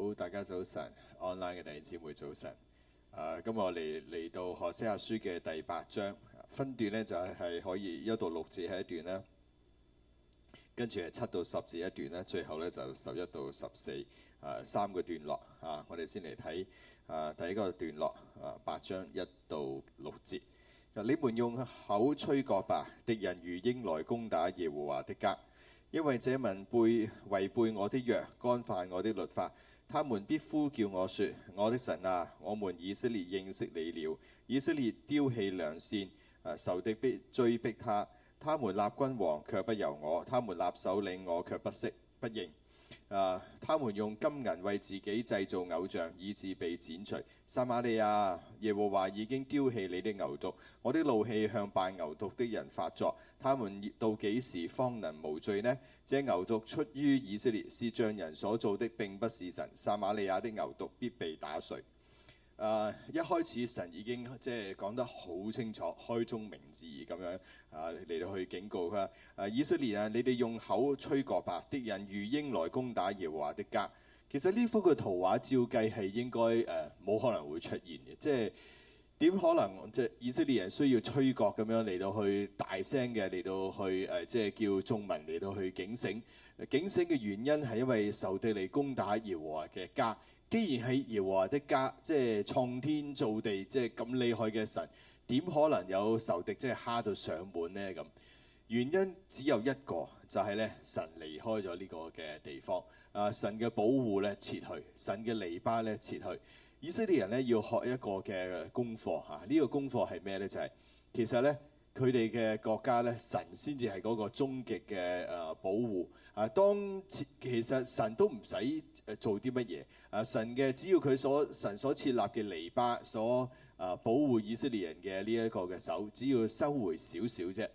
好，大家早晨，online 嘅弟兄姊妹早晨。啊、今日我嚟嚟到《何西阿書》嘅第八章分段呢就係、是、可以一到六字係一段啦，跟住係七到十字一段咧，最後呢就十一到十四啊，三個段落啊。我哋先嚟睇啊，第一個段落啊，八章一到六節你們用口吹角吧，敵人如鷹來攻打耶和華的家，因為這民背違背我的約，干犯我的律法。他們必呼叫我說：我的神啊，我們以色列認識你了。以色列丟棄良善，啊、呃，仇敵必追逼他。他們立君王卻不由我，他們立首領我卻不識不認。啊、呃，他們用金銀為自己製造偶像，以致被剪除。撒瑪利亞，耶和華已經丟棄你的牛犢，我的怒氣向拜牛犢的人發作。他們到幾時方能無罪呢？這牛犢出於以色列，是匠人所做的，並不是神。撒瑪利亞的牛犢必被打碎。啊、uh，一開始神已經即係講得好清楚，開宗明義咁樣啊嚟到去警告佢啊，uh, 以色列啊，你哋用口吹角吧，敵人如鷹來攻打耶和華的家。其實呢幅嘅圖畫照計係應該誒冇、uh, 可能會出現嘅，即係。點可能即係以色列人需要吹角咁樣嚟到去大聲嘅嚟到去誒即係叫眾民嚟到去警醒？警醒嘅原因係因為仇敵嚟攻打耶和華嘅家。既然係耶和華的家，即係創天造地即係咁厲害嘅神，點可能有仇敵即係蝦到上門咧？咁原因只有一個，就係咧神離開咗呢個嘅地方。啊，神嘅保護咧撤去，神嘅籬笆咧撤去。以色列人咧要學一個嘅功課啊！呢個功課係咩咧？就係其實咧，佢哋嘅國家咧，神先至係嗰個終極嘅誒保護啊！當其實神都唔使誒做啲乜嘢啊！神嘅只要佢所神所設立嘅籬笆所啊保護以色列人嘅呢一個嘅手，只要收回少少啫，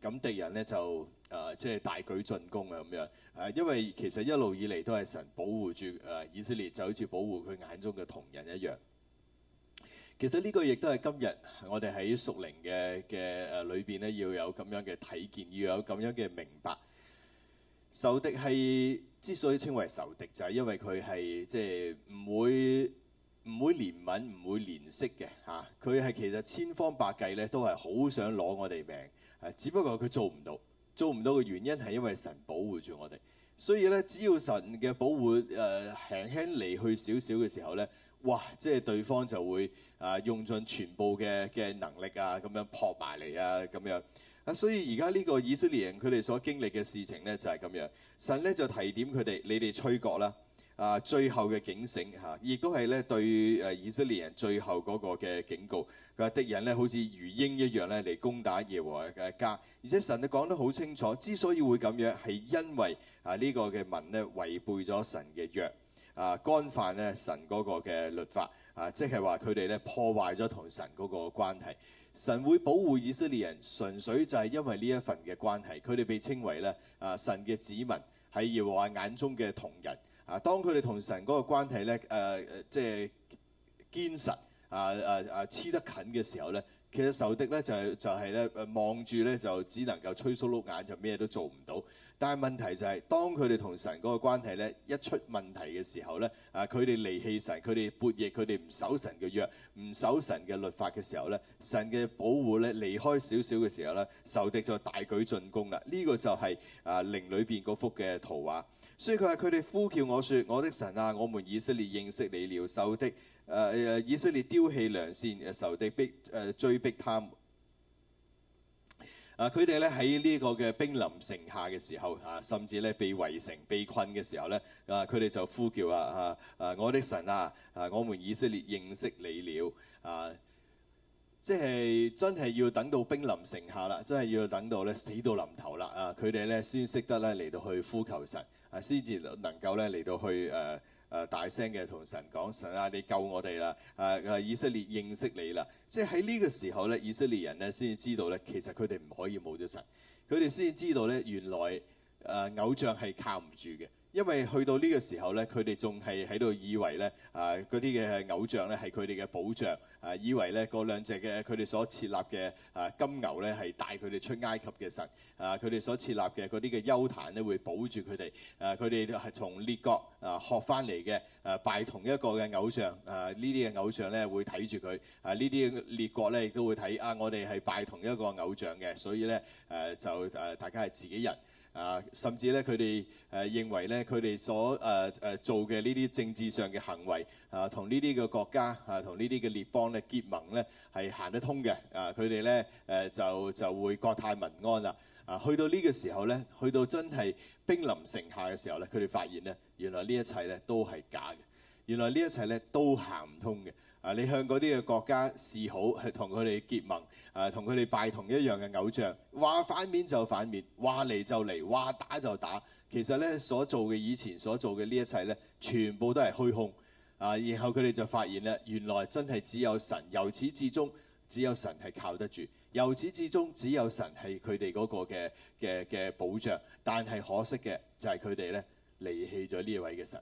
咁敵人咧就誒即係大舉進攻啊咁樣。係，因為其實一路以嚟都係神保護住誒以色列，就好似保護佢眼中嘅瞳人一樣。其實呢個亦都係今日我哋喺屬靈嘅嘅誒裏邊咧，面要有咁樣嘅體見，要有咁樣嘅明白。仇敵係之所以稱為仇敵，就係、是、因為佢係即係唔會唔會憐憫，唔會憐惜嘅嚇。佢、啊、係其實千方百計咧，都係好想攞我哋命。誒、啊，只不過佢做唔到。做唔到嘅原因係因為神保護住我哋，所以咧，只要神嘅保護誒、呃、輕輕離去少少嘅時候咧，哇！即係對方就會啊、呃、用盡全部嘅嘅能力啊咁樣撲埋嚟啊咁樣。啊，所以而家呢個以色列人佢哋所經歷嘅事情咧就係、是、咁樣。神咧就提點佢哋，你哋吹角啦。啊！最後嘅警醒嚇，亦、啊、都係咧對誒以色列人最後嗰個嘅警告。佢話敵人咧好似如鷹一樣咧嚟攻打耶和華嘅家，而且神佢講得好清楚，之所以會咁樣係因為啊、這個、文呢個嘅民咧違背咗神嘅約啊，干犯咧神嗰個嘅律法啊，即係話佢哋咧破壞咗同神嗰個關係。神會保護以色列人，純粹就係因為呢一份嘅關係，佢哋被稱為咧啊神嘅子民，係耶和華眼中嘅瞳人。啊！當佢哋同神嗰個關係咧，誒誒，即係堅實啊啊啊，黐得近嘅時候咧，其實仇敵咧就係就係咧，誒望住咧就只能夠吹鬚碌眼，就咩都做唔到。但係問題就係，當佢哋同神嗰個關係咧一出問題嘅時候咧，啊，佢哋離棄神，佢哋叛逆，佢哋唔守神嘅約，唔守神嘅律法嘅時候咧，神嘅保護咧離開少少嘅時候咧，仇敵就大舉進攻啦。呢個就係啊靈裏面嗰幅嘅圖畫。所以佢話：佢哋呼叫我，說：我的神啊，我們以色列認識你了。受的誒誒、啊，以色列丟棄良善，誒仇敵逼誒、啊、追逼他們。啊，佢哋咧喺呢個嘅兵臨城下嘅時候啊，甚至咧被圍城、被困嘅時候咧啊，佢哋就呼叫啊啊！我的神啊啊，我們以色列認識你了啊！即係真係要等到兵臨城下啦，真係要等到咧死到臨頭啦啊！佢哋咧先識得咧嚟到去呼求神。啊，先至能夠咧嚟到去誒誒大聲嘅同神講，神啊，你救我哋啦！誒誒以色列認識你啦，即係喺呢個時候咧，以色列人咧先至知道咧，其實佢哋唔可以冇咗神，佢哋先至知道咧，原來誒偶像係靠唔住嘅。因為去到呢個時候咧，佢哋仲係喺度以為咧，啊嗰啲嘅偶像咧係佢哋嘅保障，啊以為咧嗰兩隻嘅佢哋所設立嘅啊金牛咧係帶佢哋出埃及嘅神，啊佢哋所設立嘅嗰啲嘅丘壇咧會保住佢哋，啊佢哋係從列國啊學翻嚟嘅，啊拜同一個嘅偶像，啊這些呢啲嘅偶像咧會睇住佢，啊呢啲列國咧亦都會睇，啊我哋係拜同一個偶像嘅，所以咧誒、啊、就誒、啊、大家係自己人。啊，甚至咧，佢哋誒認為咧，佢哋所誒誒做嘅呢啲政治上嘅行為，啊，同呢啲嘅國家，啊，同呢啲嘅列邦咧結盟咧，係行得通嘅。啊，佢哋咧誒就就會國泰民安啦。啊，去到呢個時候咧，去到真係兵臨城下嘅時候咧，佢哋發現咧，原來呢一切咧都係假嘅，原來呢一切咧都行唔通嘅。啊！你向嗰啲嘅國家示好，係同佢哋結盟，啊，同佢哋拜同一樣嘅偶像，話反面就反面，話嚟就嚟，話打就打。其實呢，所做嘅，以前所做嘅呢一切呢，全部都係虛空。啊，然後佢哋就發現呢，原來真係只有神，由始至終只有神係靠得住，由始至終只有神係佢哋嗰個嘅嘅嘅保障。但係可惜嘅就係佢哋呢，離棄咗呢位嘅神。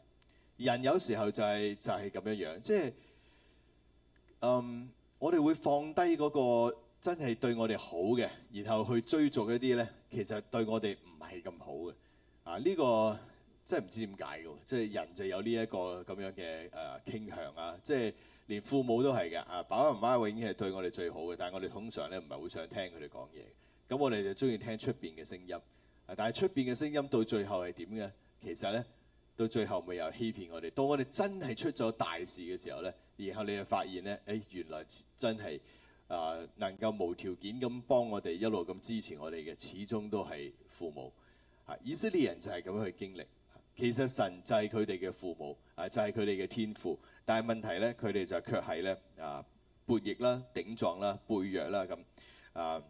人有時候就係就係咁樣樣，即係。嗯、um，我哋會放低嗰個真係對我哋好嘅，然後去追逐一啲呢其實對我哋唔係咁好嘅。啊，呢、這個真係唔知點解嘅，即、啊、係人就有呢一個咁樣嘅誒、啊、傾向啊！即係連父母都係嘅啊，爸爸媽媽永遠係對我哋最好嘅，但係我哋通常呢唔係會想聽佢哋講嘢。咁我哋就中意聽出邊嘅聲音。啊、但係出邊嘅聲音到最後係點嘅？其實呢。到最後咪又欺騙我哋，當我哋真係出咗大事嘅時候呢，然後你就發現呢，誒、哎、原來真係啊、呃、能夠無條件咁幫我哋一路咁支持我哋嘅，始終都係父母。啊，以色列人就係咁樣去經歷。其實神就係佢哋嘅父母，啊就係佢哋嘅天父。但係問題呢，佢哋就卻係呢，啊叛逆啦、頂撞啦、背約啦咁啊。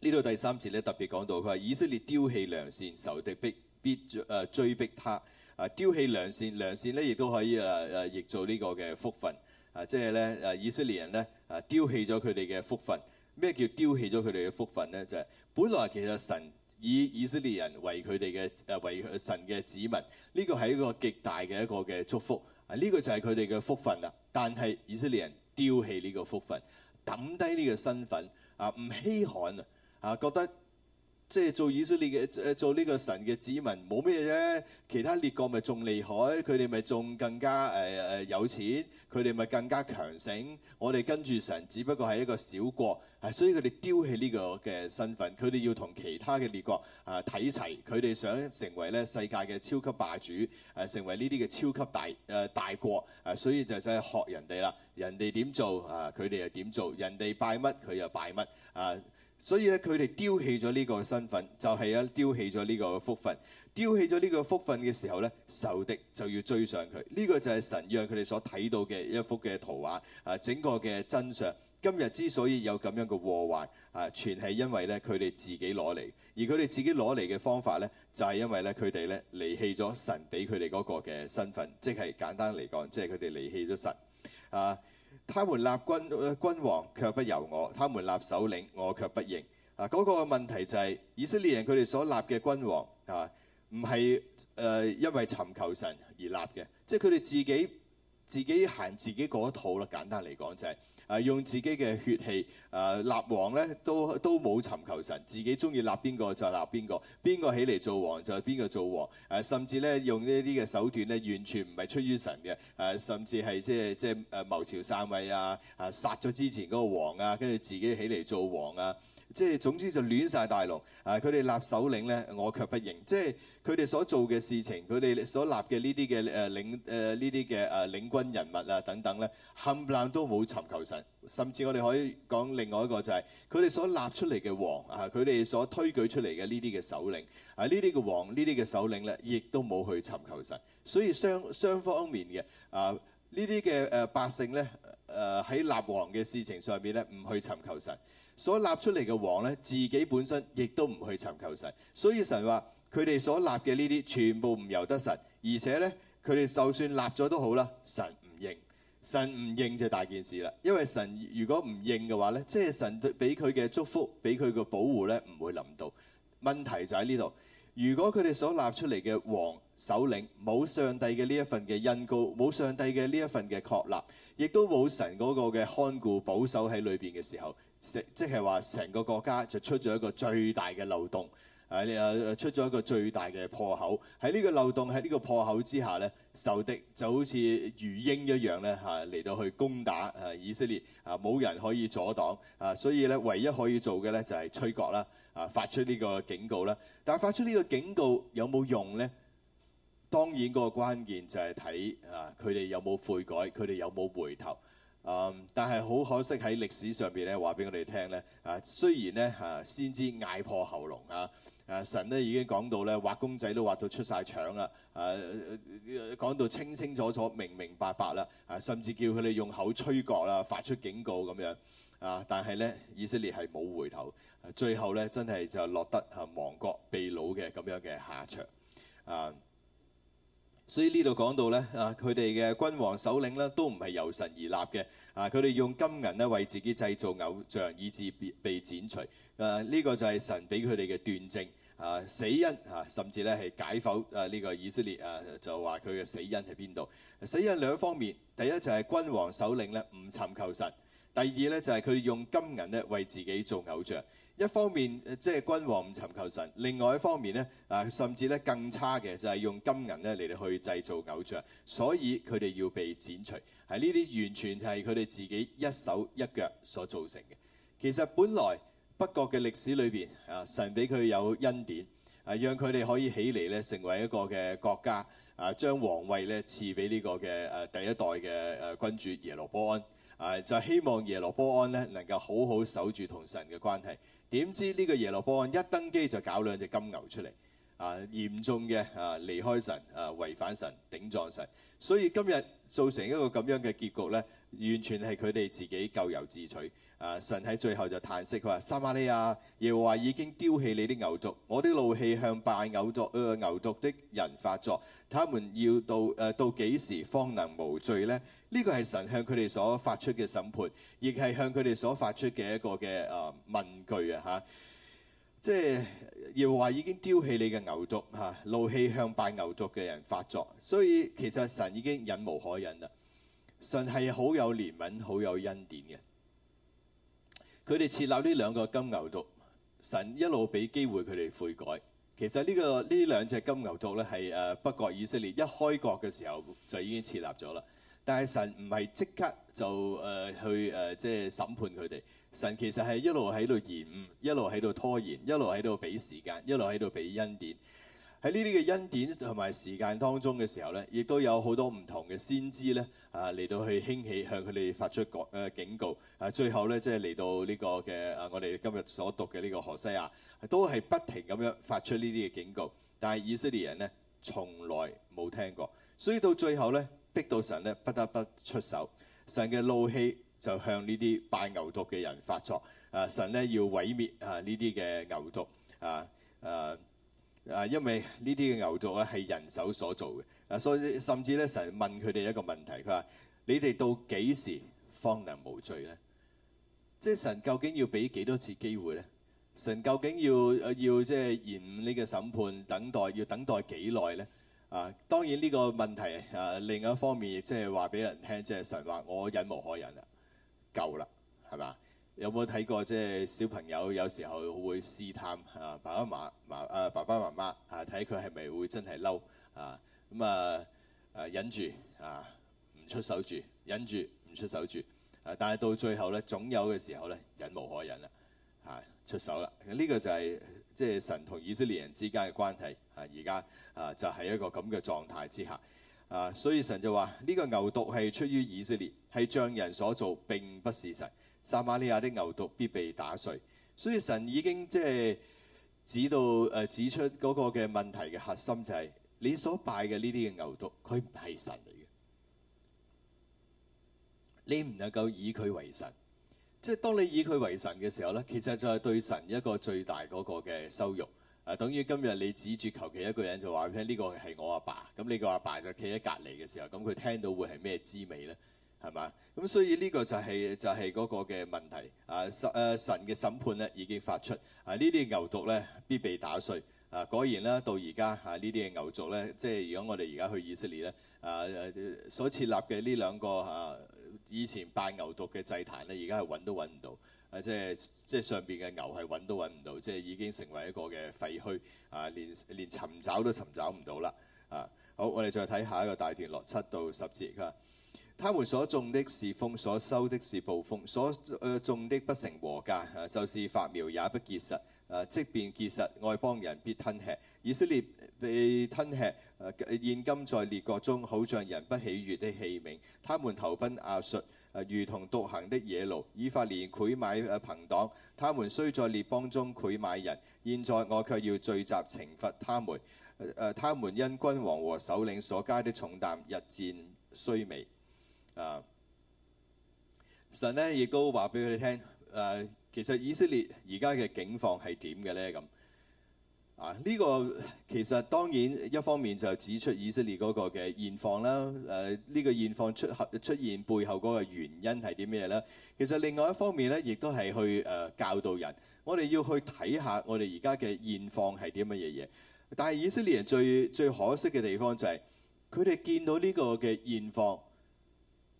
呢度第三節咧特別講到，佢話以色列丟棄良善，仇敵逼，必誒追逼他，啊丟棄良善，良善咧亦都可以誒誒，譯做呢個嘅福分，啊即係咧誒以色列人咧啊丟棄咗佢哋嘅福分，咩叫丟棄咗佢哋嘅福分咧？就係、是、本來其實神以以色列人為佢哋嘅誒為神嘅子民，呢、這個係一個極大嘅一個嘅祝福，啊呢、這個就係佢哋嘅福分啦。但係以色列人丟棄呢個福分，抌低呢個身份啊唔稀罕啊啊覺得。即係做以色列嘅，做呢個神嘅子民冇咩嘢啫。其他列國咪仲厲害，佢哋咪仲更加誒誒、呃、有錢，佢哋咪更加強盛。我哋跟住神，只不過係一個小國，係、啊、所以佢哋丟棄呢個嘅身份，佢哋要同其他嘅列國啊睇齊，佢哋想成為咧世界嘅超級霸主，誒、啊、成為呢啲嘅超級大誒、呃、大國，誒、啊、所以就想學人哋啦。人哋點做啊，佢哋又點做？人哋拜乜佢又拜乜啊？所以咧，佢哋丟棄咗呢個身份，就係啊，丟棄咗呢個福分，丟棄咗呢個福分嘅時候咧，仇敵就要追上佢。呢個就係神讓佢哋所睇到嘅一幅嘅圖畫啊，整個嘅真相。今日之所以有咁樣嘅禍患啊，全係因為咧佢哋自己攞嚟，而佢哋自己攞嚟嘅方法呢，就係因為咧佢哋咧離棄咗神俾佢哋嗰個嘅身份，即係簡單嚟講，即係佢哋離棄咗神啊。他們立君君王，卻不由我；他們立首領，我卻不認。嗱、啊，嗰、那個問題就係、是、以色列人佢哋所立嘅君王啊，唔係誒因為尋求神而立嘅，即係佢哋自己自己行自己嗰套啦。簡單嚟講就係、是。啊！用自己嘅血氣啊，立王咧，都都冇尋求神，自己中意立邊個就立邊個，邊個起嚟做王就係邊個做王。啊，甚至咧用呢啲嘅手段咧，完全唔係出於神嘅。啊，甚至係即係即係誒謀朝篡位啊！啊，殺咗之前嗰個王啊，跟住自己起嚟做王啊！即係總之就亂晒大龍啊！佢哋立首領呢，我卻不認。即係佢哋所做嘅事情，佢哋所立嘅呢啲嘅誒領誒呢啲嘅誒領軍人物啊等等呢，冚唪唥都冇尋求神。甚至我哋可以講另外一個就係佢哋所立出嚟嘅王啊，佢哋所推舉出嚟嘅呢啲嘅首領啊，呢啲嘅王呢啲嘅首領呢，亦都冇去尋求神。所以雙雙方面嘅啊，呢啲嘅誒百姓呢，誒、啊、喺立王嘅事情上面呢，唔去尋求神。所立出嚟嘅王咧，自己本身亦都唔去尋求神，所以神話，佢哋所立嘅呢啲全部唔由得神，而且咧，佢哋就算立咗都好啦，神唔認，神唔認就大件事啦。因為神如果唔認嘅話咧，即係神俾佢嘅祝福，俾佢嘅保護咧，唔會臨到。問題就喺呢度，如果佢哋所立出嚟嘅王，首領冇上帝嘅呢一份嘅恩膏，冇上帝嘅呢一份嘅確立，亦都冇神嗰個嘅看顧保守喺裏邊嘅時候。即係話成個國家就出咗一個最大嘅漏洞，誒、啊、出咗一個最大嘅破口。喺呢個漏洞，喺呢個破口之下咧，受敵就好似如鷹一樣咧嚇嚟到去攻打誒、啊、以色列，啊冇人可以阻擋啊，所以呢，唯一可以做嘅呢，就係吹角啦，啊發出呢個警告啦。但係發出呢個警告有冇用呢？當然嗰個關鍵就係睇啊佢哋有冇悔改，佢哋有冇回頭。啊、um，但係好可惜喺歷史上邊咧，話俾我哋聽咧。啊，雖然咧嚇、啊、先知嗌破喉嚨啊，啊神咧已經講到咧畫公仔都畫到出晒腸啦。啊，講、啊啊、到清清楚楚，明明白白啦。啊，甚至叫佢哋用口吹角啦，發出警告咁樣。啊，但係咧以色列係冇回頭，啊、最後咧真係就落得啊亡國被擄嘅咁樣嘅下場。啊！所以這裡呢度講到咧啊，佢哋嘅君王首領咧都唔係由神而立嘅啊，佢哋用金銀咧為自己製造偶像，以至被被剪除。誒、啊、呢、這個就係神俾佢哋嘅斷症啊死因啊，甚至咧係解剖啊呢、這個以色列啊就話佢嘅死因喺邊度？死因兩方面，第一就係君王首領咧唔尋求神，第二咧就係佢哋用金銀咧為自己做偶像。一方面即係、就是、君王唔尋求神，另外一方面呢，啊，甚至咧更差嘅就係用金銀咧嚟到去製造偶像，所以佢哋要被剪除。喺呢啲完全係佢哋自己一手一腳所造成嘅。其實本來北國嘅歷史裏面，啊，神俾佢有恩典，係讓佢哋可以起嚟咧成為一個嘅國家啊，將皇位咧賜俾呢個嘅第一代嘅君主耶羅波安啊，就希望耶羅波安呢能夠好好守住同神嘅關係。點知呢個耶羅波安一登基就搞兩隻金牛出嚟啊！嚴重嘅啊，離開神啊，違反神，頂撞神，所以今日造成一個咁樣嘅結局咧，完全係佢哋自己咎由自取啊！神喺最後就嘆息，佢話：撒瑪利亞，耶和華已經丟棄你啲牛犢，我的怒氣向拜牛犢啊、呃、牛犢的人發作，他們要到誒、啊、到幾時方能無罪呢？呢、這個係神向佢哋所發出嘅審判，亦係向佢哋所發出嘅一個嘅啊問句啊！嚇，即係要話已經丟棄你嘅牛犢嚇、啊，怒氣向拜牛犢嘅人發作，所以其實神已經忍無可忍啦。神係好有憐憫，好有恩典嘅。佢哋設立呢兩個金牛犢，神一路俾機會佢哋悔改。其實呢、這個呢兩隻金牛犢咧係誒北國以色列一開國嘅時候就已經設立咗啦。但係神唔係即刻就誒、呃、去誒即係審判佢哋，神其實係一路喺度延誤，一路喺度拖延，一路喺度俾時間，一路喺度俾恩典。喺呢啲嘅恩典同埋時間當中嘅時候咧，亦都有好多唔同嘅先知咧啊嚟到去興起向佢哋發出各、啊、警告。啊，最後咧即係嚟到呢個嘅啊，我哋今日所讀嘅呢個何西阿都係不停咁樣發出呢啲嘅警告，但係以色列人呢，從來冇聽過，所以到最後咧。逼到神咧，不得不出手。神嘅怒氣就向呢啲拜牛犢嘅人發作。啊，神咧要毀滅啊呢啲嘅牛犢，啊，誒誒，因為呢啲嘅牛犢咧係人手所做嘅。所以甚至咧，神問佢哋一個問題，佢話你哋到幾時方能無罪咧？即係神究竟要俾幾多次機會咧？神究竟要要即係延誤呢個審判？等待要等待幾耐咧？啊，當然呢個問題啊，另一方面亦即係話俾人聽，即係神話，我忍無可忍啦，夠啦，係嘛？有冇睇過即係小朋友有時候會試探啊，爸爸媽媽啊，爸爸媽媽啊，睇佢係咪會真係嬲啊？咁啊，啊，啊忍住啊，唔出手住，忍住唔出手住，啊，但係到最後咧，總有嘅時候咧，忍無可忍啦，嚇、啊、出手啦，呢、啊呢個就係、是。即係神同以色列人之間嘅關係，啊而家啊就係、是、一個咁嘅狀態之下，啊所以神就話：呢、這個牛犢係出於以色列，係匠人所做，並不是神。撒瑪利亞的牛犢必被打碎。所以神已經即係指到誒、呃、指出嗰個嘅問題嘅核心就係、是、你所拜嘅呢啲嘅牛犢，佢唔係神嚟嘅，你唔能夠以佢為神。即係當你以佢為神嘅時候咧，其實就係對神一個最大嗰個嘅羞辱。啊，等於今日你指住求其一個人就話：聽、這、呢個係我阿爸，爸，咁呢個阿爸就企喺隔離嘅時候，咁佢聽到會係咩滋味咧？係嘛？咁所以呢個就係、是、就係、是、嗰個嘅問題。啊，神神嘅審判咧已經發出。啊，這些族呢啲牛犢咧必被打碎。啊，果然啦，到而家啊，呢啲嘅牛族咧，即係如果我哋而家去以色列咧，啊所設立嘅呢兩個啊。以前拜牛犢嘅祭壇呢，而家係揾都揾唔到，啊即係即係上邊嘅牛係揾都揾唔到，即係已經成為一個嘅廢墟，啊連連尋找都尋找唔到啦，啊好，我哋再睇下一個大段落七到十節佢話，他們所種的是風，所收的是暴風，所種、呃、的不成禾稼，啊，就是發苗也不結實，啊即便結實，外邦人必吞吃，以色列被吞吃。現現今在列國中，好像人不喜悅的器皿；他們投奔亞述，如同獨行的野驢。以法連賄買朋黨。他們雖在列邦中賄買人，現在我卻要聚集懲罰他們。他們因君王和首領所加的重擔，日漸衰微。啊，神呢也，亦都話俾佢哋聽，其實以色列而家嘅境況係點嘅呢？」咁。啊！呢、這個其實當然一方面就指出以色列嗰個嘅現況啦，誒、啊、呢、這個現況出合出現背後嗰個原因係啲咩咧？其實另外一方面咧，亦都係去誒、啊、教導人，我哋要去睇下我哋而家嘅現況係啲乜嘢嘢。但係以色列人最最可惜嘅地方就係佢哋見到呢個嘅現況，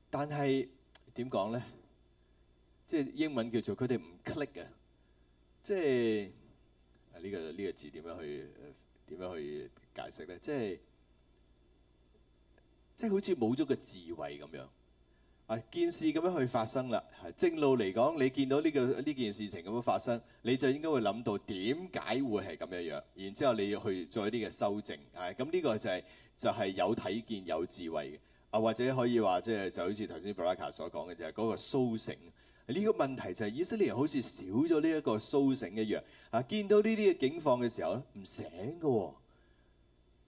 但係點講咧？即係、就是、英文叫做佢哋唔 click 啊！即、就、係、是。呢、這個呢、這個字點樣去點樣去解釋咧？即係即係好似冇咗個智慧咁樣啊！件事咁樣去發生啦，正路嚟講，你見到呢、這個呢件事情咁樣發生，你就應該會諗到點解會係咁樣樣。然之後你要去做一啲嘅修正啊！咁、這、呢個就係、是、就係、是、有睇見有智慧嘅啊，或者可以話即係就好似頭先布拉卡所講嘅，就係嗰個蘇醒。呢、這個問題就係以色列人好似少咗呢一個甦醒一樣，啊見到呢啲嘅境況嘅時候咧，唔醒嘅、哦，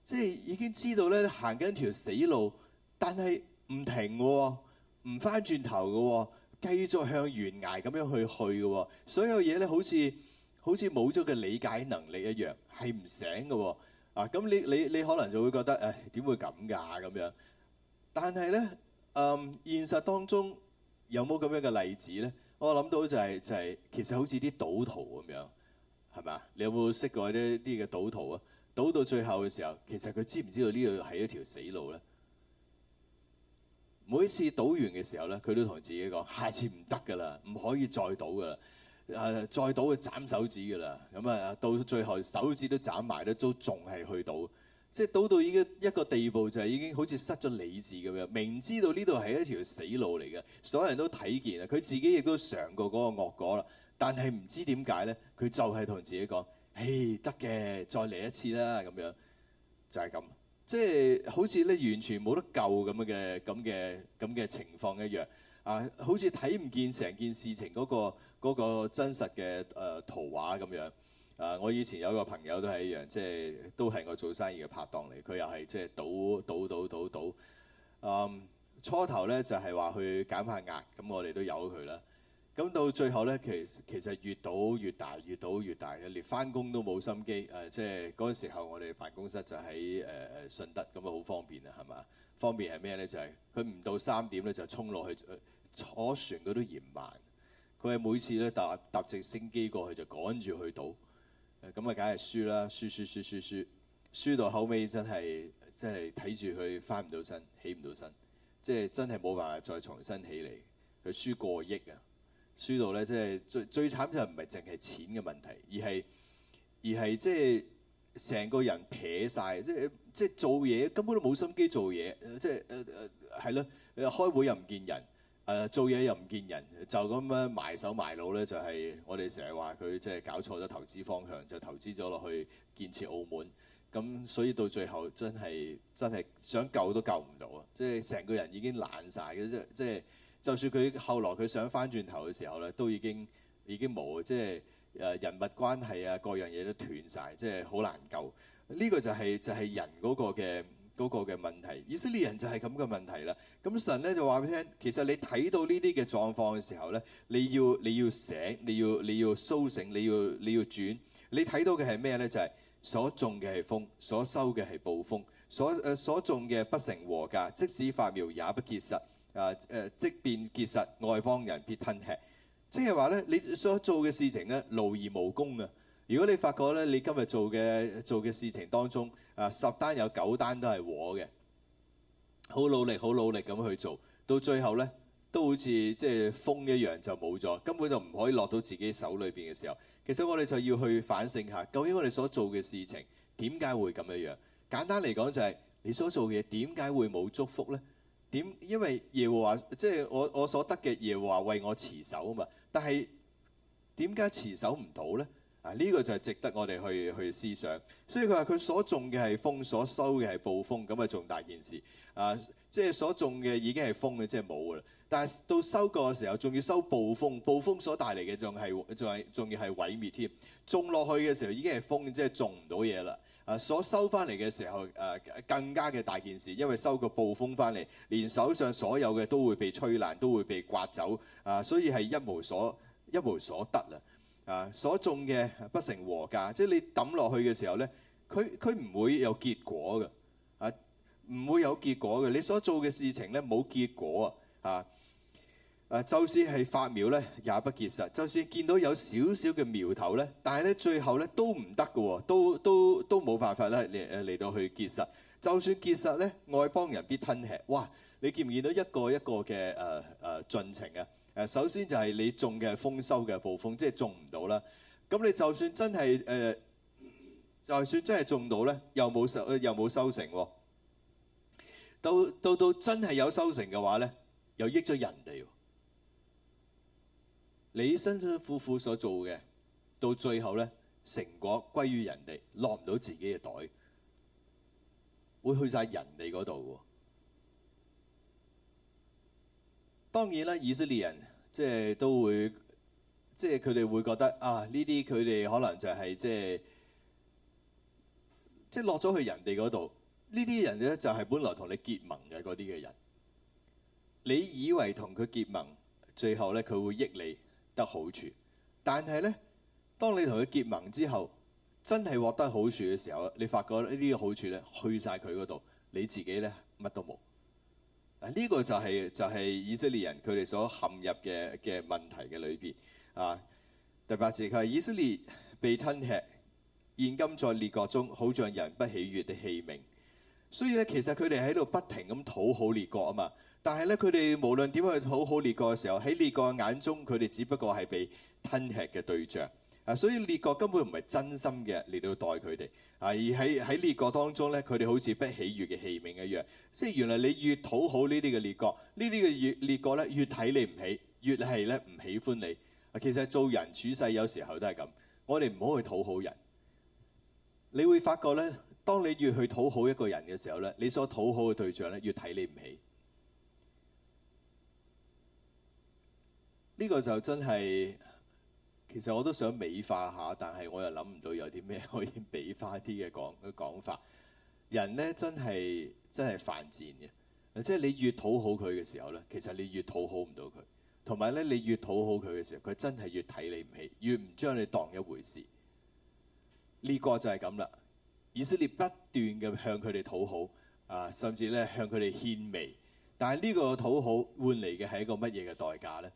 即係已經知道咧行緊條死路，但係唔停嘅、哦，唔翻轉頭嘅、哦，繼續向懸崖咁樣去去嘅、哦，所有嘢咧好似好似冇咗嘅理解能力一樣，係唔醒嘅、哦，啊咁你你你可能就會覺得誒點、哎、會咁㗎咁樣，但係咧，嗯、呃、現實當中。有冇咁樣嘅例子咧？我諗到就係就係，其實好似啲賭徒咁樣，係咪啊？你有冇識過啲啲嘅賭徒啊？賭到最後嘅時候，其實佢知唔知道呢度係一條死路咧？每次賭完嘅時候咧，佢都同自己講：下次唔得㗎啦，唔可以再賭㗎啦，誒再賭嘅斬手指㗎啦。咁啊到最後手指都斬埋咧，都仲係去賭。即係到到已經一個地步，就係已經好似失咗理智咁樣。明知道呢度係一條死路嚟嘅，所有人都睇見，佢自己亦都嘗過嗰個惡果啦。但係唔知點解呢，佢就係同自己講：誒得嘅，再嚟一次啦咁樣。就係咁，即係好似咧完全冇得救咁嘅咁嘅咁嘅情況一樣。啊，好似睇唔見成件事情嗰個嗰個真實嘅誒圖畫咁樣。啊、uh！我以前有一個朋友都係一樣，即、就、係、是、都係我做生意嘅拍檔嚟。佢又係即係賭賭賭賭賭。嗯，初頭咧就係、是、話去減下壓，咁我哋都由佢啦。咁到最後咧，其實其實越賭越大，越賭越大，連翻工都冇心機。誒、啊，即係嗰個時候我哋辦公室就喺誒誒信德，咁啊好方便啊，係嘛？方便係咩咧？就係佢唔到三點咧就衝落去坐船，佢都嫌慢。佢係每次咧搭搭直升機過去就趕住去賭。咁咪梗係輸啦，輸輸輸輸輸，輸，輸，輸，輸，輸到後尾真係，真係睇住佢翻唔到身，起唔到身，即係真係冇辦法再重新起嚟。佢輸過億啊，輸到咧即係最最慘就唔係淨係錢嘅問題，而係而係即係成個人撇晒，即係即係做嘢根本都冇心機做嘢，即係誒誒係咯，開會又唔見人。誒、呃、做嘢又唔見人，就咁樣埋手埋腦咧，就係、是、我哋成日話佢即係搞錯咗投資方向，就投資咗落去建設澳門。咁所以到最後真係真係想救都救唔到啊！即係成個人已經懶晒。嘅、就是，即即係就算佢後來佢想返轉頭嘅時候咧，都已經已經冇，即、就、係、是呃、人脈關係啊，各樣嘢都斷晒，即係好難救。呢、這個就係、是、就係、是、人嗰個嘅。嗰個嘅問題，以色列人就係咁嘅問題啦。咁神咧就話俾你聽，其實你睇到呢啲嘅狀況嘅時候咧，你要你要醒，你要你要甦醒，你要你要轉。你睇到嘅係咩咧？就係所種嘅係風，所收嘅係暴風，所誒所種嘅不成禾稼，即使發苗也不結實。啊誒，即便結實，外邦人必吞吃。即係話咧，你所做嘅事情咧，勞而無功啊！如果你發覺咧，你今日做嘅做嘅事情當中，啊，十單有九單都係我嘅，好努力，好努力咁去做，到最後咧，都好似即係風一樣就冇咗，根本就唔可以落到自己手裏邊嘅時候，其實我哋就要去反省下，究竟我哋所做嘅事情點解會咁樣樣？簡單嚟講就係你所做嘅嘢點解會冇祝福咧？點因為耶和華即係我我所得嘅耶和華為我持守啊嘛，但係點解持守唔到咧？啊！呢、呢個就係值得我哋去去思想。所以佢話：佢所種嘅係風，所收嘅係暴風，咁啊仲大件事。啊，即、就、係、是、所種嘅已經係風嘅，即係冇噶啦。但係到收割嘅時候，仲要收暴風，暴風所帶嚟嘅仲係仲係仲要係毀滅添。種落去嘅時候已經係風，即係種唔到嘢啦。啊，所收翻嚟嘅時候，誒、啊、更加嘅大件事，因為收個暴風翻嚟，連手上所有嘅都會被吹爛，都會被刮走。啊，所以係一無所一無所得啊！啊！所種嘅不成禾稼，即係你抌落去嘅時候咧，佢佢唔會有結果嘅，啊，唔會有結果嘅。你所做嘅事情咧冇結果啊！啊！誒，就算係發苗咧，也不結實。就算見到有少少嘅苗頭咧，但係咧最後咧都唔得嘅，都都都冇辦法咧嚟誒嚟到去結實。就算結實咧，外邦人必吞吃。哇！你見唔見到一個一個嘅誒誒進程啊？首先就係你種嘅豐收嘅暴風，即係種唔到啦。咁你就算真係誒、呃，就算真係種到咧，又冇收，又冇收成。到到到真係有收成嘅話咧，又益咗人哋。你辛辛苦苦所做嘅，到最後咧，成果歸於人哋，落唔到自己嘅袋，會去晒人哋嗰度。當然啦，以色列人。即係都會，即係佢哋會覺得啊，呢啲佢哋可能就係即係，即係落咗去人哋嗰度。呢啲人咧就係本來同你結盟嘅嗰啲嘅人。你以為同佢結盟，最後咧佢會益你得好處，但係咧，當你同佢結盟之後，真係獲得好處嘅時候，你發覺呢啲好處咧去晒佢嗰度，你自己咧乜都冇。嗱、啊、呢、這個就係、是、就係、是、以色列人佢哋所陷入嘅嘅問題嘅裏邊啊。第八字，佢話以色列被吞吃，現今在列國中，好像人不喜悅的器皿。所以咧，其實佢哋喺度不停咁討好列國啊嘛。但係咧，佢哋無論點去討好列國嘅時候，喺列國眼中，佢哋只不過係被吞吃嘅對象。所以列國根本唔係真心嘅嚟到待佢哋，啊而喺喺列國當中咧，佢哋好似不喜悅嘅器皿一樣。即係原來你越討好呢啲嘅列國，呢啲嘅越列國咧，越睇你唔起，越係咧唔喜歡你。其實做人處世有時候都係咁，我哋唔好去討好人。你會發覺咧，當你越去討好一個人嘅時候咧，你所討好嘅對象咧，越睇你唔起。呢個就真係。其實我都想美化下，但係我又諗唔到有啲咩可以美化啲嘅講嘅講法。人呢真係真係犯賤嘅，即係你越討好佢嘅時候呢，其實你越討好唔到佢。同埋呢你越討好佢嘅時候，佢真係越睇你唔起，越唔將你當一回事。呢個就係咁啦。以色列不斷嘅向佢哋討好啊，甚至咧向佢哋獻媚，但係呢個討好換嚟嘅係一個乜嘢嘅代價呢？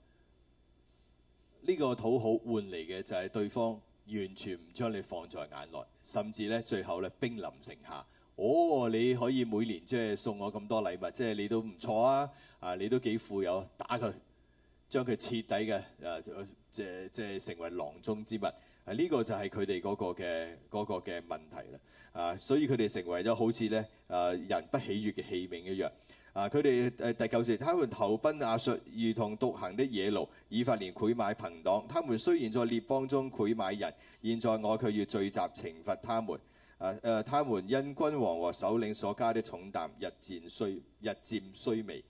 呢個討好換嚟嘅就係對方完全唔將你放在眼內，甚至咧最後咧兵臨城下。哦，你可以每年即係送我咁多禮物，即係你都唔錯啊！啊，你都幾富有，打佢，將佢徹底嘅啊，即係即係成為囊中之物。啊，呢個就係佢哋嗰個嘅嗰個嘅問題啦。啊，所以佢哋成為咗好似咧啊人不喜悅嘅器皿一樣。啊！佢哋、啊、第九時，他們投奔亞述，如同獨行的野驢，以法蓮賄買朋黨。他們雖然在列邦中賄買人，現在我卻要聚集懲罰他們、啊啊。他們因君王和首領所加的重擔，日漸衰日漸衰微。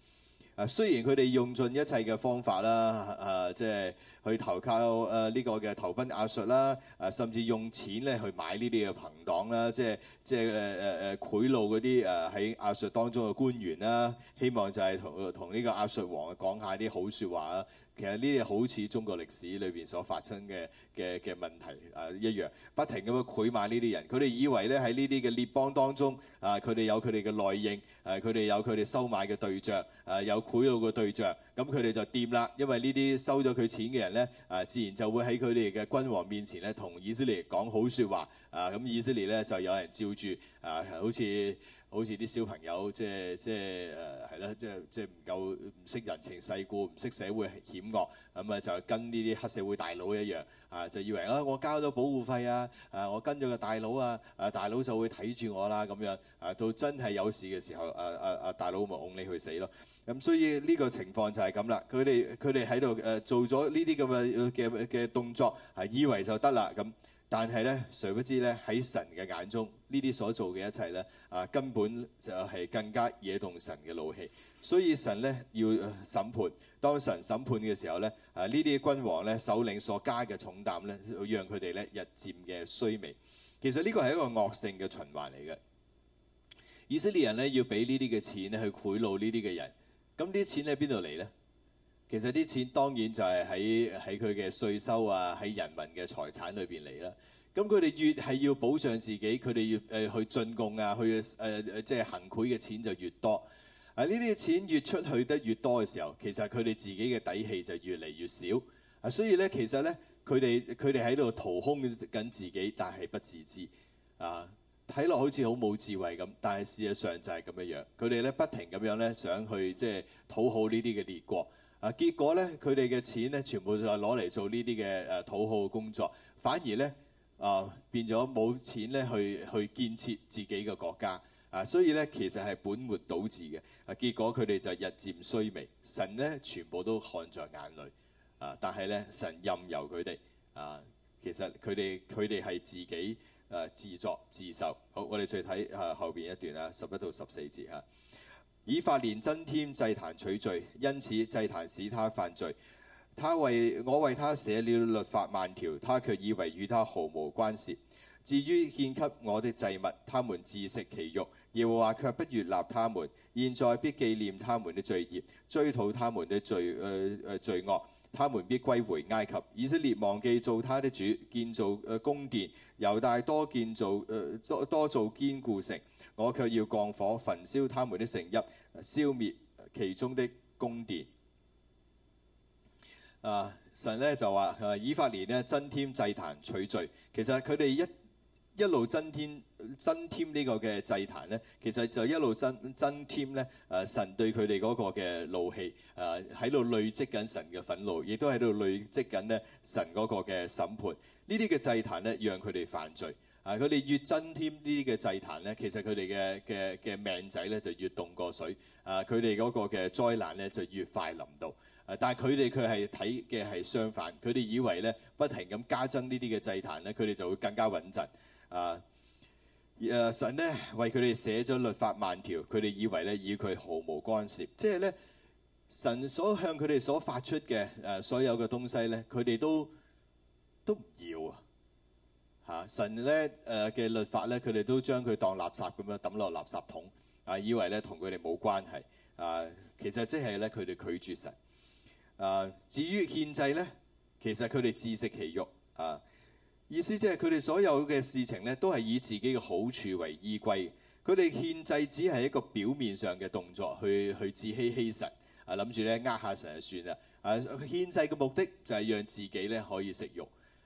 啊，雖然佢哋用盡一切嘅方法啦，啊即係去投靠誒呢、呃這個嘅投奔亞述啦，誒、啊、甚至用錢咧去買呢啲嘅朋黨啦，即係即係誒誒誒賄賂嗰啲誒喺亞述當中嘅官員啦，希望就係同同呢個亞述王講下啲好說話啦。其實呢啲好似中國歷史裏邊所發生嘅嘅嘅問題啊一樣，不停咁樣賄買呢啲人，佢哋以為咧喺呢啲嘅列邦當中啊，佢哋有佢哋嘅內應，誒佢哋有佢哋收買嘅對象，誒、啊、有賄賂嘅對象，咁佢哋就掂啦，因為這他呢啲收咗佢錢嘅人咧，誒、啊、自然就會喺佢哋嘅君王面前咧，同以色列講好説話，啊咁以色列咧就有人照住，啊好似。好似啲小朋友，即係即係誒係啦，即係即係唔夠唔識人情世故，唔識社會險惡，咁啊就係跟呢啲黑社會大佬一樣啊，就以為啊我交咗保護費啊，啊我跟咗個大佬啊，啊大佬就會睇住我啦咁樣，啊到真係有事嘅時候，啊啊啊大佬咪擁你去死咯，咁所以呢個情況就係咁啦，佢哋佢哋喺度誒做咗呢啲咁嘅嘅嘅動作，係以為就得啦咁。但係咧，誰不知咧喺神嘅眼中，呢啲所做嘅一切咧，啊根本就係更加惹動神嘅怒氣。所以神咧要審判。當神審判嘅時候咧，啊呢啲君王咧、首領所加嘅重擔咧，讓佢哋咧日漸嘅衰微。其實呢個係一個惡性嘅循環嚟嘅。以色列人咧要俾呢啲嘅錢去賄賂呢啲嘅人，咁啲錢喺邊度嚟呢？其實啲錢當然就係喺喺佢嘅稅收啊，喺人民嘅財產裏邊嚟啦。咁佢哋越係要保障自己，佢哋越誒去進貢啊，去誒誒即係行賄嘅錢就越多。啊，呢啲錢越出去得越多嘅時候，其實佢哋自己嘅底氣就越嚟越少啊。所以咧，其實咧，佢哋佢哋喺度掏空緊自己，但係不自知啊。睇落好似好冇智慧咁，但係事實上就係咁樣樣。佢哋咧不停咁樣咧想去即係討好呢啲嘅列國。啊，結果咧，佢哋嘅錢咧，全部就攞嚟做呢啲嘅誒討好工作，反而咧啊變咗冇錢咧去去建設自己嘅國家啊，所以咧，其實係本末倒置嘅啊，結果佢哋就日漸衰微，神咧全部都看在眼裏啊，但係咧神任由佢哋啊，其實佢哋佢哋係自己誒、啊、自作自受。好，我哋再睇啊後邊一段啦，十一到十四節啊。以法蓮增添祭壇取罪，因此祭壇使他犯罪。他為我為他寫了律法萬條，他卻以為與他毫無關係。至於獻給我的祭物，他們自食其欲，耶和華卻不悅納他們。現在必紀念他們的罪孽，追討他們的罪誒、呃、罪惡。他們必歸回埃及。以色列忘記做他的主，建造誒、呃、宮殿。猶大多建造、呃、多做堅固城，我卻要降火焚燒他們的城邑，消滅其中的宮殿。啊，神呢就話：啊，以法蓮咧增添祭壇，取罪。其實佢哋一一路增添增添呢個嘅祭壇咧，其實就一路增增添咧。啊，神對佢哋嗰個嘅怒氣啊，喺度累積緊神嘅憤怒，亦都喺度累積緊咧神嗰個嘅審判。呢啲嘅祭壇咧，讓佢哋犯罪。啊！佢哋越增添呢啲嘅祭壇咧，其實佢哋嘅嘅嘅命仔咧就越凍過水。啊！佢哋嗰個嘅災難咧就越快臨到。啊！但係佢哋佢係睇嘅係相反，佢哋以為咧不停咁加增呢啲嘅祭壇咧，佢哋就會更加穩陣。啊！誒神咧為佢哋寫咗律法萬條，佢哋以為咧以佢毫無干涉。即係咧神所向佢哋所發出嘅誒所有嘅東西咧，佢哋都都唔要啊！啊、神咧誒嘅律法咧，佢哋都將佢當垃圾咁樣抌落垃圾桶，啊以為咧同佢哋冇關係，啊其實即係咧佢哋拒絕神。啊至於獻祭咧，其實佢哋自食其肉啊，意思即係佢哋所有嘅事情咧，都係以自己嘅好處為依歸。佢哋獻祭只係一個表面上嘅動作，去去自欺欺神，啊諗住咧呃下神就算啦。啊獻祭嘅目的就係讓自己咧可以食肉。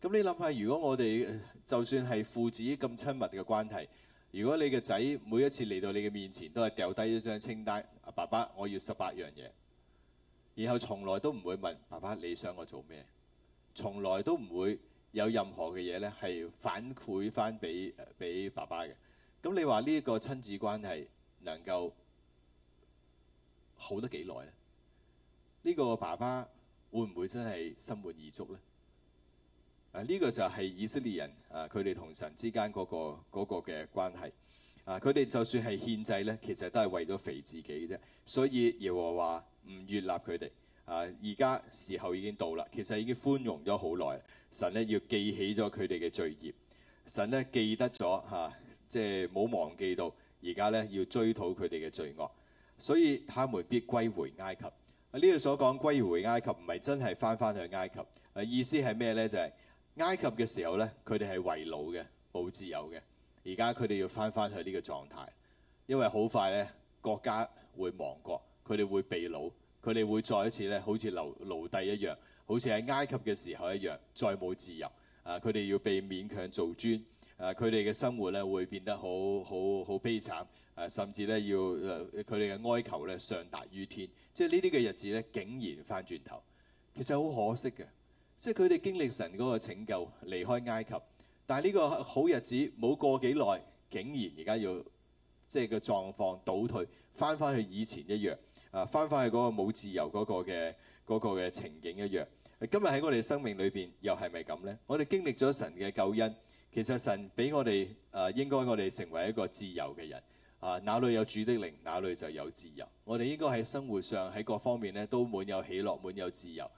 咁你諗下，如果我哋就算係父子咁親密嘅關係，如果你嘅仔每一次嚟到你嘅面前都係掉低一張清單，爸爸我要十八樣嘢，然後從來都唔會問爸爸你想我做咩，從來都唔會有任何嘅嘢咧係反饋翻俾俾爸爸嘅。咁你話呢個親子關係能夠好得幾耐呢？呢個爸爸會唔會真係心滿意足呢？啊！呢、這個就係以色列人啊，佢哋同神之間嗰、那個嘅、那個、關係啊，佢哋就算係獻祭呢，其實都係為咗肥自己啫。所以耶和華唔悅納佢哋啊！而家時候已經到啦，其實已經寬容咗好耐。神呢要記起咗佢哋嘅罪孽，神呢記得咗嚇、啊，即係冇忘記到而家呢要追討佢哋嘅罪惡，所以他們必歸回埃及。呢、啊、度所講歸回埃及唔係真係翻返去埃及，啊，意思係咩呢？就係、是埃及嘅時候呢，佢哋係為奴嘅，冇自由嘅。而家佢哋要返返去呢個狀態，因為好快呢國家會亡國，佢哋會被奴，佢哋會再一次呢好似留奴隸一樣，好似喺埃及嘅時候一樣，再冇自由。啊，佢哋要被勉強做磚，啊，佢哋嘅生活呢會變得好好好悲慘，啊，甚至呢要佢哋嘅哀求呢上達於天，即係呢啲嘅日子呢，竟然返轉頭，其實好可惜嘅。即係佢哋經歷神嗰個拯救，離開埃及。但係呢個好日子冇過幾耐，竟然而家要即係個狀況倒退，翻返去以前一樣。啊，翻返去嗰個冇自由嗰個嘅嗰個嘅情景一樣。今日喺我哋生命裏邊，又係咪咁呢？我哋經歷咗神嘅救恩，其實神俾我哋誒、啊，應該我哋成為一個自由嘅人。啊，哪裏有主的靈，哪裏就有自由。我哋應該喺生活上，喺各方面咧，都滿有喜樂，滿有自由。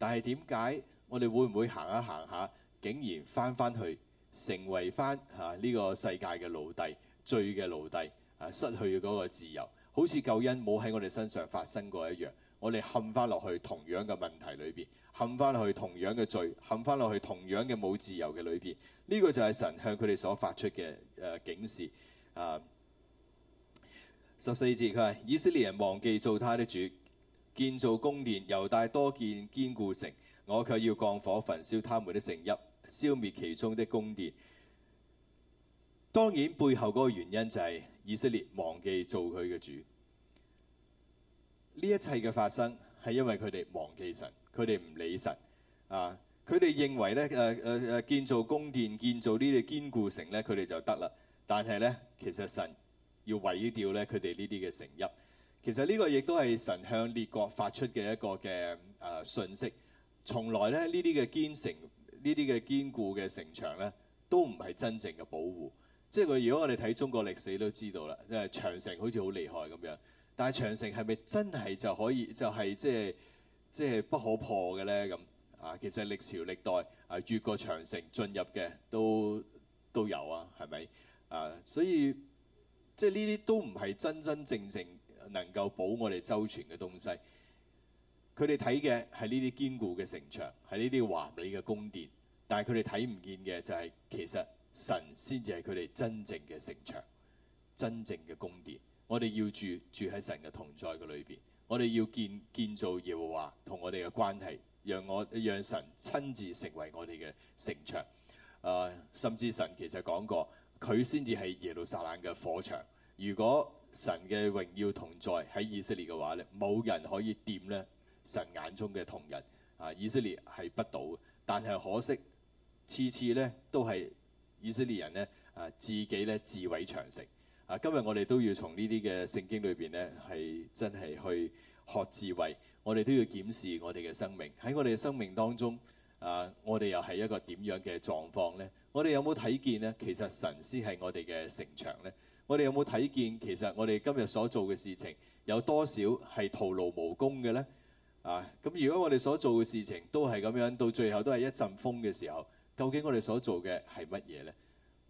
但係點解我哋會唔會行一行下，竟然翻翻去成為翻嚇呢個世界嘅奴隸、罪嘅奴隸，啊，失去嗰個自由，好似救恩冇喺我哋身上發生過一樣？我哋陷翻落去同樣嘅問題裏邊，陷翻落去同樣嘅罪，陷翻落去同樣嘅冇自由嘅裏邊，呢、這個就係神向佢哋所發出嘅誒警示啊！十四節佢話：以色列人忘記做他的主。建造宮殿，猶大多建堅固城，我卻要降火焚燒他們的城邑，消滅其中的宮殿。當然背後嗰個原因就係以色列忘記做佢嘅主。呢一切嘅發生係因為佢哋忘記神，佢哋唔理神啊，佢哋認為咧誒誒誒建造宮殿、建造呢啲堅固城咧，佢哋就得啦。但係咧，其實神要毀掉咧佢哋呢啲嘅城邑。其實呢個亦都係神向列國發出嘅一個嘅誒、啊、信息。從來咧呢啲嘅堅城、呢啲嘅堅固嘅城牆咧，都唔係真正嘅保護。即係如果我哋睇中國歷史都知道啦，誒長城好似好厲害咁樣，但係長城係咪真係就可以就係即係即係不可破嘅咧？咁啊，其實歷朝歷代啊越過長城進入嘅都都有啊，係咪啊？所以即係呢啲都唔係真真正正。能夠保我哋周全嘅東西，佢哋睇嘅係呢啲堅固嘅城牆，係呢啲華美嘅宮殿，但係佢哋睇唔見嘅就係其實神先至係佢哋真正嘅城牆、真正嘅宮殿。我哋要住住喺神嘅同在嘅裏邊，我哋要建建造耶和華同我哋嘅關係，讓我讓神親自成為我哋嘅城牆。誒，甚至神其實講過，佢先至係耶路撒冷嘅火牆。如果神嘅榮耀同在喺以色列嘅話咧，冇人可以掂咧神眼中嘅瞳人啊！以色列係不倒，但係可惜次次咧都係以色列人咧啊自己咧自毀長城啊！今日我哋都要從呢啲嘅聖經裏邊咧係真係去學智慧，我哋都要檢視我哋嘅生命，喺我哋嘅生命當中啊，我哋又係一個點樣嘅狀況呢？我哋有冇睇見呢？其實神先係我哋嘅城牆呢？我哋有冇睇見其實我哋今日所做嘅事情有多少係徒勞無功嘅呢？啊，咁如果我哋所做嘅事情都係咁樣，到最後都係一陣風嘅時候，究竟我哋所做嘅係乜嘢呢？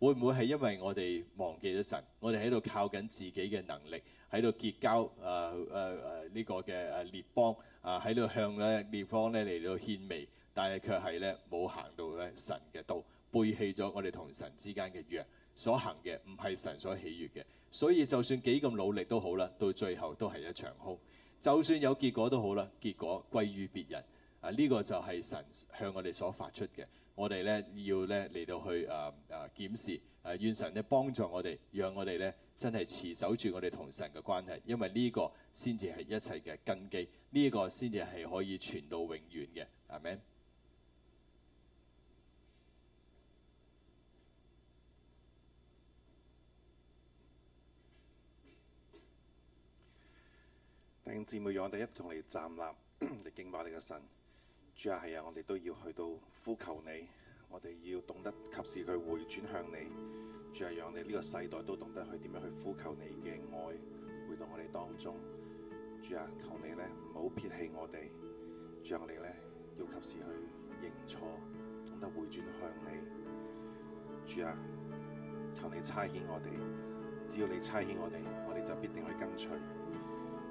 會唔會係因為我哋忘記咗神？我哋喺度靠緊自己嘅能力，喺度結交啊啊呢個嘅列邦啊，喺度向咧列邦咧嚟到獻媚，但係卻係咧冇行到咧神嘅道，背棄咗我哋同神之間嘅約。所行嘅唔係神所喜悅嘅，所以就算幾咁努力都好啦，到最後都係一場空。就算有結果都好啦，結果歸於別人。啊，呢個就係神向我哋所發出嘅，我哋咧要咧嚟到去誒誒檢視誒，願神咧幫助我哋，讓我哋咧真係持守住我哋同神嘅關係，因為呢個先至係一切嘅根基，呢個先至係可以傳到永遠嘅。阿門。弟兄姊妹，讓我哋一同嚟站立嚟 敬拜你嘅神。主啊，係啊，我哋都要去到呼求你。我哋要懂得及時去回轉向你。主啊，讓你呢個世代都懂得去點樣去呼求你嘅愛，回到我哋當中。主啊，求你咧唔好撇棄我哋。主啊，我哋咧要及時去認錯，懂得回轉向你。主啊，求你差遣我哋。只要你差遣我哋，我哋就必定去跟隨。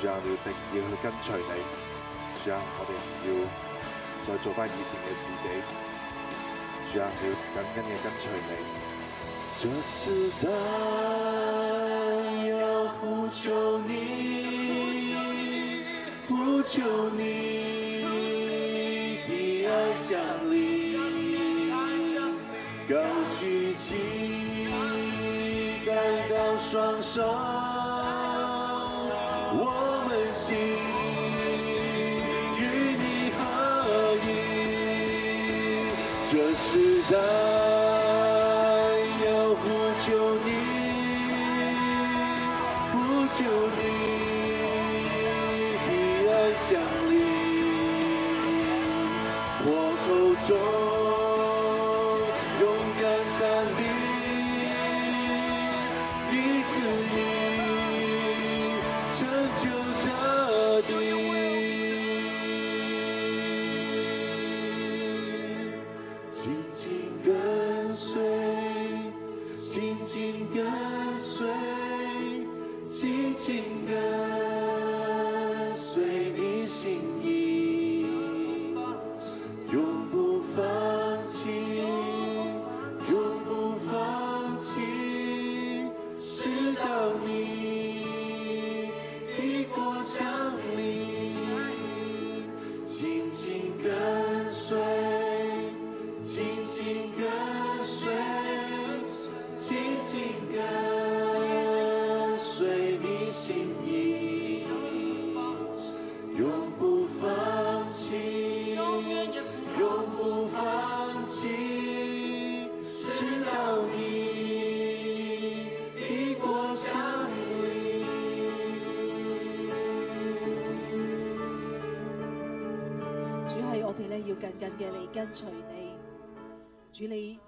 主啊，要定要去跟隨你。主啊，我哋要再做翻以前嘅自己。主啊，要緊緊嘅跟隨你。這時代要呼求你，呼求 你，你的愛降臨。高舉起，代表雙手。這世上。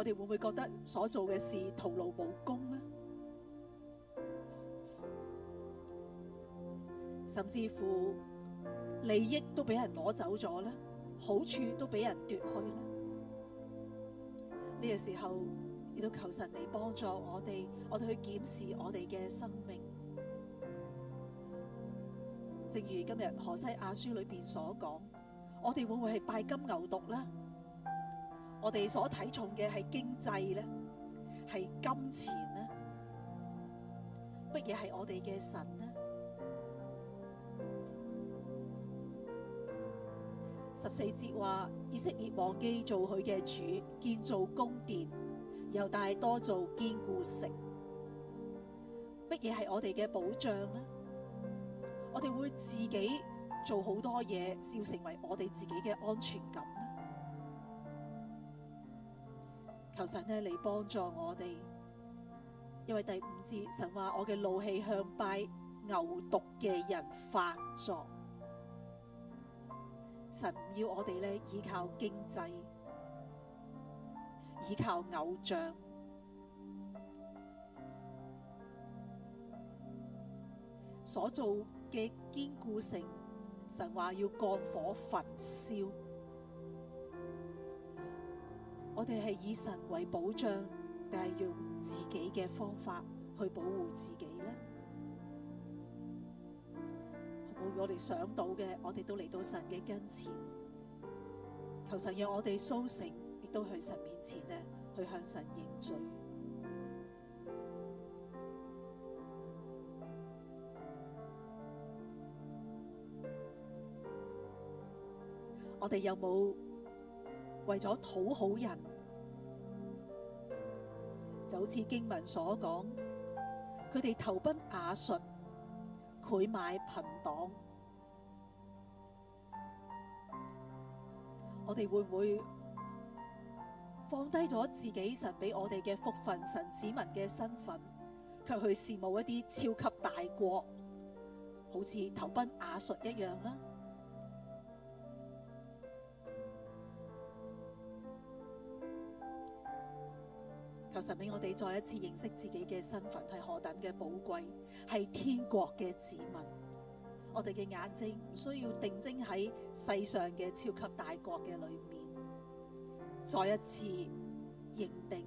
我哋會唔會覺得所做嘅事徒勞無功呢？甚至乎利益都畀人攞走咗，好處都畀人奪去了呢？這個時候，亦都求神嚟幫助我哋，我哋去檢視我哋嘅生命。正如今日何西阿書裏面所講，我哋會唔會係拜金牛犢呢？我哋所睇重嘅係經濟咧，係金錢咧，乜嘢係我哋嘅神咧？十四節話以色列忘記造佢嘅主，建造宮殿，猶大多造堅固城。乜嘢係我哋嘅保障咧？我哋會自己做好多嘢，要成為我哋自己嘅安全感。求神呢，你幫助我哋，因為第五節神話我嘅怒氣向拜牛犢嘅人發作，神唔要我哋呢，依靠經濟、依靠偶像所做嘅堅固性，神話要降火焚燒。我哋係以神為保障，定係用自己嘅方法去保護自己咧？好，好我們想到的，我哋想到嘅，我哋都嚟到神嘅跟前，求神讓我哋蘇醒，亦都去神面前咧，去向神認罪。我哋有冇？為咗討好人，就好似經文所講，佢哋投奔亞述，賄買朋黨，我哋會唔會放低咗自己神俾我哋嘅福分、神子民嘅身份，卻去羨慕一啲超級大國，好似投奔亞述一樣啦？神俾我哋再一次認識自己嘅身份係何等嘅寶貴，係天國嘅子民。我哋嘅眼睛唔需要定睛喺世上嘅超級大國嘅裏面，再一次認定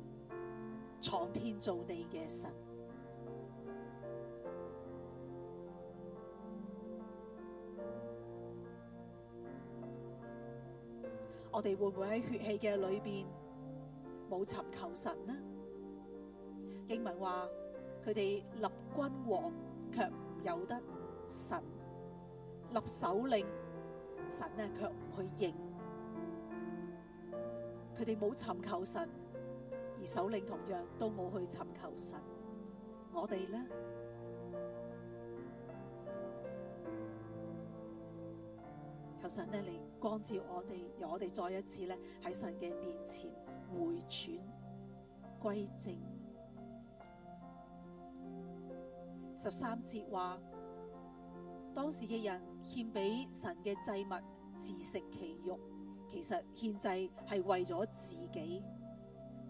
創天造地嘅神。我哋會唔會喺血氣嘅裏面冇尋求神呢？經文話佢哋立君王，卻唔由得神；立首領，神呢卻唔去認。佢哋冇尋求神，而首領同樣都冇去尋求神。我哋呢？求神呢，你光照我哋，由我哋再一次呢喺神嘅面前回轉歸正。十三節話，當時嘅人獻俾神嘅祭物，自食其肉，其實獻祭係為咗自己。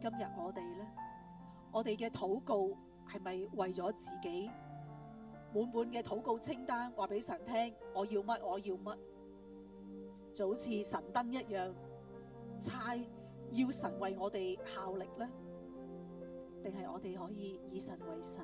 今日我哋呢，我哋嘅禱告係咪為咗自己？滿滿嘅禱告清單話俾神聽，我要乜，我要乜，就好似神燈一樣，猜要神為我哋效力呢。定係我哋可以以神為神？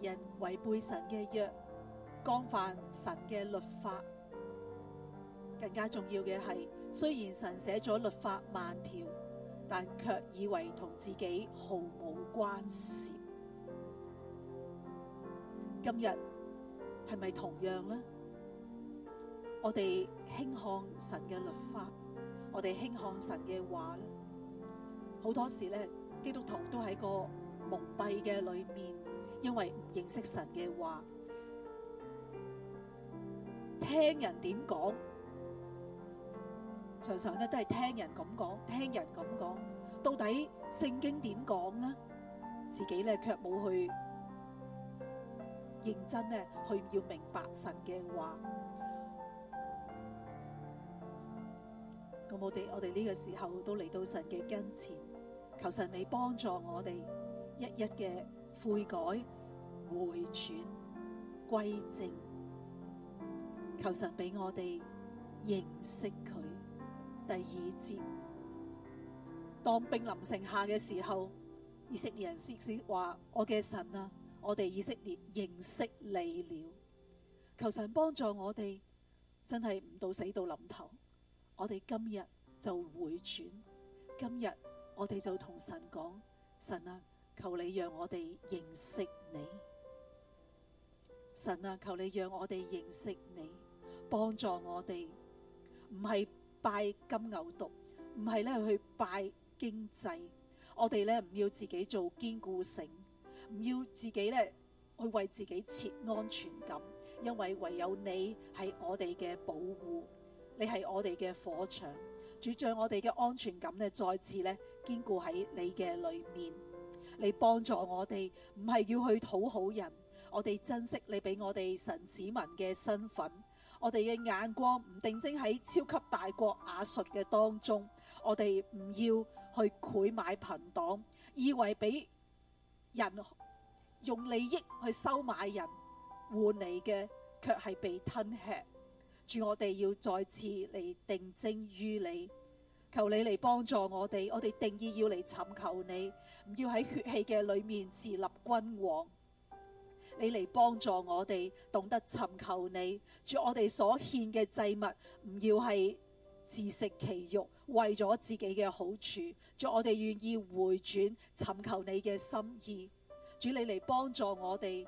人違背神嘅約，干犯神嘅律法，更加重要嘅係，雖然神寫咗律法萬條，但卻以為同自己毫無關涉。今日係咪同樣呢？我哋輕看神嘅律法，我哋輕看神嘅話，好多時呢，基督徒都喺個蒙蔽嘅裏面。因為唔認識神嘅話，聽人點講，常常咧都係聽人咁講，聽人咁講，到底聖經點講呢？自己咧卻冇去認真咧去要明白神嘅話，咁，我哋我哋呢個時候都嚟到神嘅跟前，求神你幫助我哋，一一嘅。悔改、回轉、歸正，求神畀我哋認識佢。第二節，當兵臨城下嘅時候，以色列人說：說話，我嘅神啊，我哋以色列認識你了。求神幫助我哋，真係唔到死到臨頭，我哋今日就回轉，今日我哋就同神講，神啊！求你讓我哋認識你，神啊！求你讓我哋認識你，幫助我哋唔係拜金牛犢，唔係咧去拜經濟。我哋咧唔要自己做堅固繩，唔要自己咧去為自己設安全感，因為唯有你係我哋嘅保護，你係我哋嘅火牆，主將我哋嘅安全感咧再次咧堅固喺你嘅裏面。你幫助我哋，唔係要去討好人。我哋珍惜你俾我哋神子民嘅身份。我哋嘅眼光唔定睛喺超級大國亞述嘅當中。我哋唔要去賄買朋黨，以為俾人用利益去收買人，換嚟嘅卻係被吞吃。祝我哋要再次嚟定睛於你。求你嚟幫助我哋，我哋定意要嚟尋求你，唔要喺血氣嘅裏面自立君王。你嚟幫助我哋，懂得尋求你。主，我哋所獻嘅祭物唔要係自食其肉，為咗自己嘅好處。主，我哋願意回轉，尋求你嘅心意。主，你嚟幫助我哋，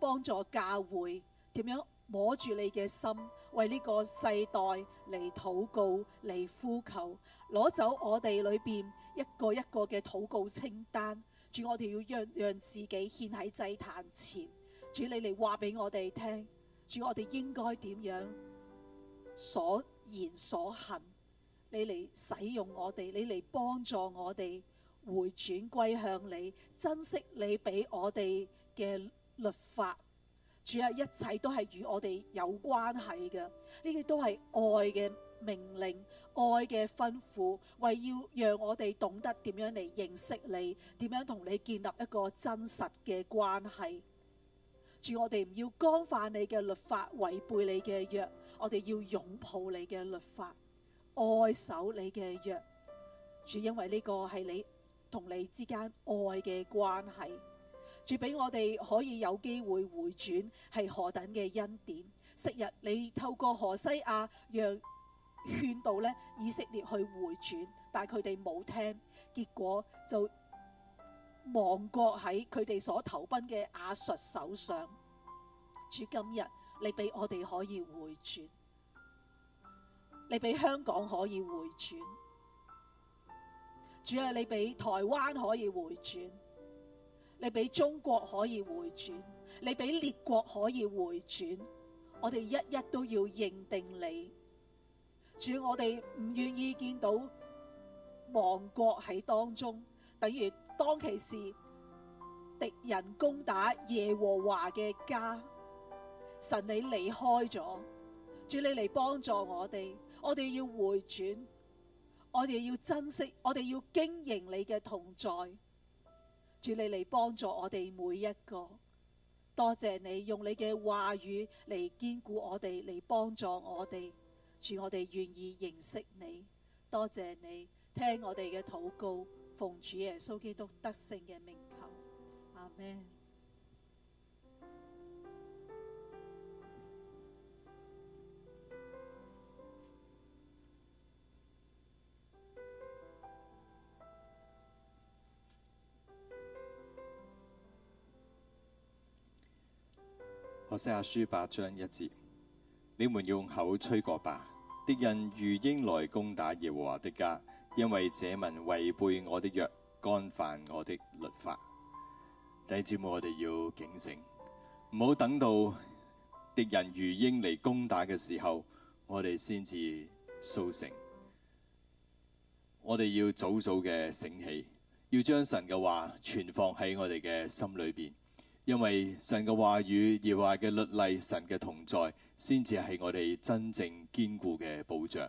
幫助教會，點樣摸住你嘅心？為呢個世代嚟禱告嚟呼求，攞走我哋裏邊一個一個嘅禱告清單。主我哋要讓讓自己獻喺祭壇前。主你嚟話畀我哋聽，主我哋應該點樣所言所行？你嚟使用我哋，你嚟幫助我哋回轉歸向你，珍惜你畀我哋嘅律法。主啊，一切都係與我哋有關係嘅，呢啲都係愛嘅命令、愛嘅吩咐，為要讓我哋懂得點樣嚟認識你，點樣同你建立一個真實嘅關係。主，我哋唔要干犯你嘅律法，違背你嘅約，我哋要擁抱你嘅律法，愛守你嘅約。主，因為呢個係你同你之間愛嘅關係。主俾我哋可以有機會回轉，係何等嘅恩典？昔日你透過何西阿讓勸導呢，以色列去回轉，但佢哋冇聽，結果就亡國喺佢哋所投奔嘅亞述手上。主，今日你俾我哋可以回轉，你俾香港可以回轉，主啊，你俾台灣可以回轉。你俾中國可以回轉，你俾列國可以回轉，我哋一一都要認定你。主，我哋唔願意見到亡國喺當中，等於當其時敵人攻打耶和華嘅家，神你離開咗。主，你嚟幫助我哋，我哋要回轉，我哋要珍惜，我哋要經營你嘅同在。主你嚟幫助我哋每一個，多謝你用你嘅話語嚟堅固我哋，嚟幫助我哋，主，我哋願意認識你，多謝你聽我哋嘅禱告，奉主耶穌基督得勝嘅名求，阿門。我何西阿書八章一節，你們用口吹角吧，敵人如鷹來攻打耶和華的家，因為這民違背我的約，干犯我的律法。弟兄姊妹，我哋要警醒，唔好等到敵人如鷹嚟攻打嘅時候，我哋先至蘇醒。我哋要早早嘅醒起，要將神嘅話存放喺我哋嘅心裏邊。因為神嘅話語而話嘅律例，神嘅同在，先至係我哋真正堅固嘅保障。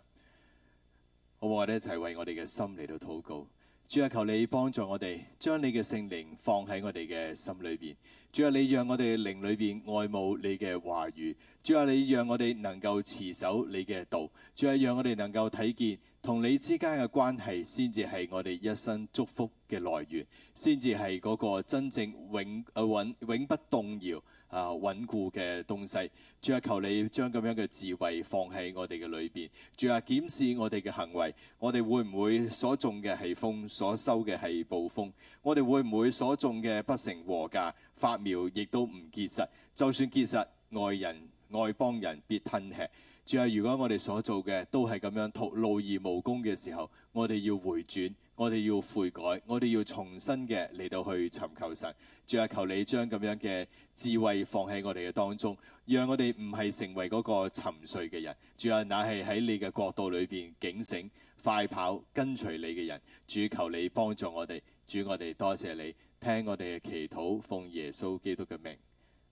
好，我哋一齊為我哋嘅心嚟到禱告。主啊，求你幫助我哋，將你嘅聖靈放喺我哋嘅心裏邊。主啊，你讓我哋靈裏邊愛慕你嘅話語。主啊，你讓我哋能夠持守你嘅道。主啊，讓我哋能夠睇見同你之間嘅關係，先至係我哋一生祝福嘅來源，先至係嗰個真正永啊穩永不動搖。啊，穩固嘅東西，主要求你將咁樣嘅智慧放喺我哋嘅裏邊，主要檢視我哋嘅行為，我哋會唔會所種嘅係風，所收嘅係暴風？我哋會唔會所種嘅不成禾稼，發苗亦都唔結實？就算結實，外人、外邦人，必吞吃。主啊，如果我哋所做嘅都係咁樣徒勞而無功嘅時候，我哋要回轉，我哋要悔改，我哋要重新嘅嚟到去尋求神。主啊，求你將咁樣嘅智慧放喺我哋嘅當中，讓我哋唔係成為嗰個沉睡嘅人。主啊，乃係喺你嘅國度裏邊警醒、快跑、跟隨你嘅人。主，求你幫助我哋。主，我哋多謝你，聽我哋嘅祈禱，奉耶穌基督嘅名。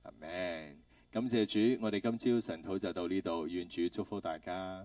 阿門。感謝主，我哋今朝晨禱就到呢度，願主祝福大家。